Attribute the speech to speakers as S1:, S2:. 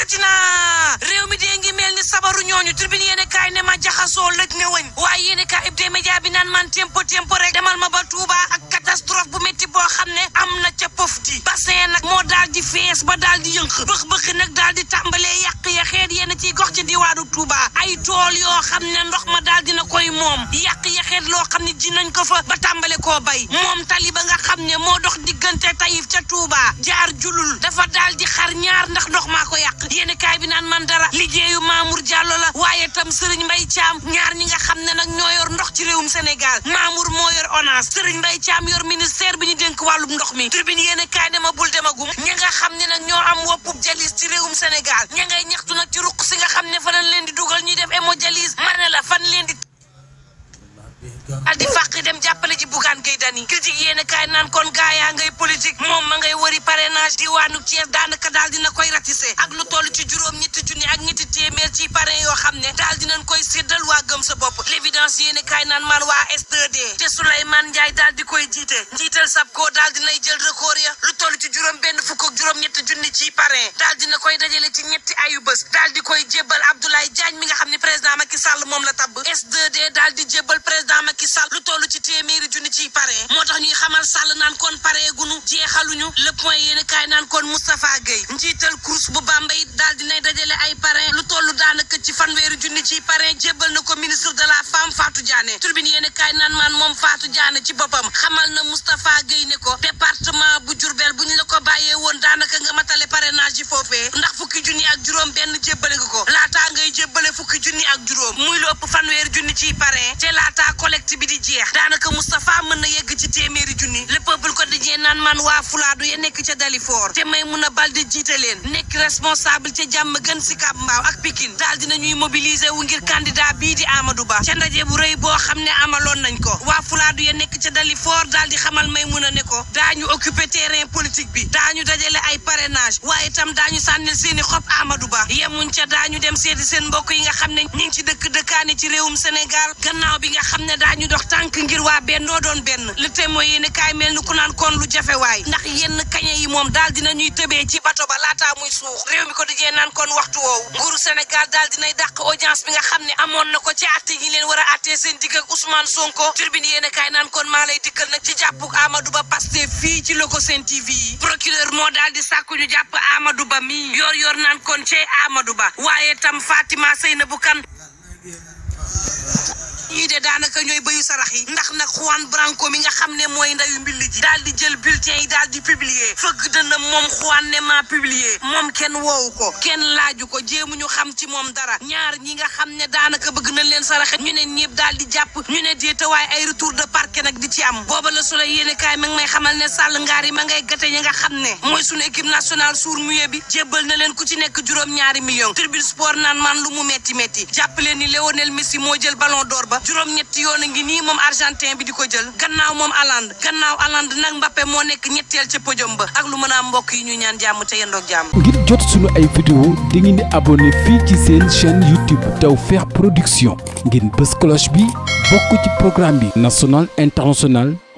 S1: këti na réew mi dee ngi mel ni sabaru ñooñu tribune yéene ne ma jaxasoo lëj ne wëñ waaye yéene kaay ibdee bi naan man tempo tempo rek demal ma ba Touba ak catastrophe bu métti boo xam ne am na ca pof di bassin nag moo daal di fees ba daal di yënq bëx-bëxi nag daal di tàmbalee yàq ya xeet yéen ciy gox ci diwaanu Touba ay tool yoo xam ndox ma daal dina koy moom xeet loo xam ne ji nañ ko fa ba tàmbale koo bay moom tali ba nga xam ne moo dox diggante tayif ca Touba jaar julul dafa daal di xar ñaar ndax ndox maa ko yàq yéeni kaay bi naan man dara liggéeyu Mamour Diallo la waaye tam Serigne Mbaye Thiam ñaar ñi nga xam ne nag ñoo yor ndox ci réewum Sénégal Mamour moo yor ONAS Serigne Mbaye Thiam yor ministère bi ñu dénk wàllum ndox mi tribune yéeni kaay dama bul demagum ña nga xam ne nag ñoo am woppub jalis ci réewum Sénégal ña ngay ñaxtu nag ci ruq si nga xam ne fa lañ leen di dugal ñuy def hémodialyse mar ne la fan leen addi fàq dem jàppale ji Bougane Gueye Dany critique yéen kaay naan kon gaa yaa ngay politique moom ma ngay wëri parrainage diwaanu Thiès daanaka daal dina koy ratissé ak lu toll ci juróom ñetti junni ak ñetti téeméer ci parrain yoo xam ne daal dinañ koy séddal waa gëm sa bopp l'évidence yéeni kaay naan maan waa s 2 te Souleymane Ndiaye daal di koy jiite njiital SAPCO daal dinay jël record ya lu toll ci juróom benn fukk ak juróom ñetti junni ci parrain daal dina koy dajale ci ñetti ayu bés daal di koy jébbal Abdoulaye Diagne mi nga xam ne président Macky Sall moom la tabb S2D daal di jébbal président Macky Sall lu toll ci téeméeri junni ci parrain moo tax ñuy xamal Sall naan kon parrain gunu jeexaluñu le point yéeni kaay naan kon Moustapha Gueye njiital CROUS bu Bambey daal dinay dajale ay ci fanweeri junni ci parrain jébbal na ko ministre de la femme Fatou Diané turbine yéen kaay naan maan moom Fatou Diané ci boppam xamal na Moustapha Guèye ne ko département bu Diourbel bu ñu la ko bàyyee woon daanaka nga matale parrainage yi foofee ndax fukki junni ak juróom benn jébbale nga ko laata ngay jébbale fukki junni ak juróom muy lu fanweeri junni ci parrain te laataa collecte bi di jeex daanaka Moustapha mën na yegg ci téeméeri junni le peuple quotidien naan maan waa Fulaadu ya nekk ca Dalifor te may mën a bal di jiite leen nekk responsable te jàmm gën si Kàb ak Pikine daal nañuy mobiliser wu ngir candidat bii di Amadou Ba ca ndaje bu rëy boo xam ne amaloon nañ ko waa ya nekk ca Dalifort daal di xamal Maymuna ne ko daañu occuper terrain bi daañu dajale ay parrainage waaye itam daañu sànnil seen i xob Amadou Ba yemuñ ca daañu dem seeti seen mbokk yi nga xam ne ñi ngi ci dëkk dëkkaani ci réewum Sénégal gannaaw bi nga xam ne daañu dox tànk ngir waa bennoo doon benn le témoin yéen kaay mel ni ku naan kon lu jafe waay ndax yenn kañe yi moom daal dina ñuy tëbee ci bato ba laataa muy suux réew mi ko dijee naan kon waxtu woowu nguuru Sénégal daal dinay dàq audience bi nga xam ne amoon na ko ci àtte yi a àttee seen digg Pastef fii ci loko Sen TV yi procureur moo daldi di sàkku ñu jàpp Amadou Ba mi yor yor naan kon cee Amadou Ba waaye tam Fatima Seynabou Kane ñii de daanaka ñooy béyu sarax yi ndax nag Juan Branco mi nga xam ne mooy ndayu mbilli ji daal di jël bulletin yi daal di publier fëgg dëna moom Juan ne maa publier moom kenn woowu ko kenn laaju ko jéemuñu xam ci moom dara ñaar ñi nga xam ne daanaka bëgg nañ leen saraxe ñu ne ñëpp daal di jàpp ñu ne déetawaay ay retour de parquet nag di ci am booba la solo yéene kaay mi ngi may xamal ne Sall ngaar yi ma ngay gate ñi nga xam ne mooy suñu équipe nationale sourd muet bi jébbal na leen ku ci nekk juróom-ñaari million tribune sport naan man lu mu metti metti jàpp leen ni Lionel Messi moo jël ballon door ba juróom-ñetti yoon a ngi nii moom argentin bi di ko jël gannaaw moom aland gannaaw aland nag Mbappé moo nekk ñetteel ca podium ba ak lu mën a mbokk yi ñuy ñaan jàmm te yendoog jàmm. ngir jot suñu ay vidéo di ngeen di abonné fii ci seen chaîne YouTube Tawfekh Production ngeen bës cloche bi bokk ci programme bi national international.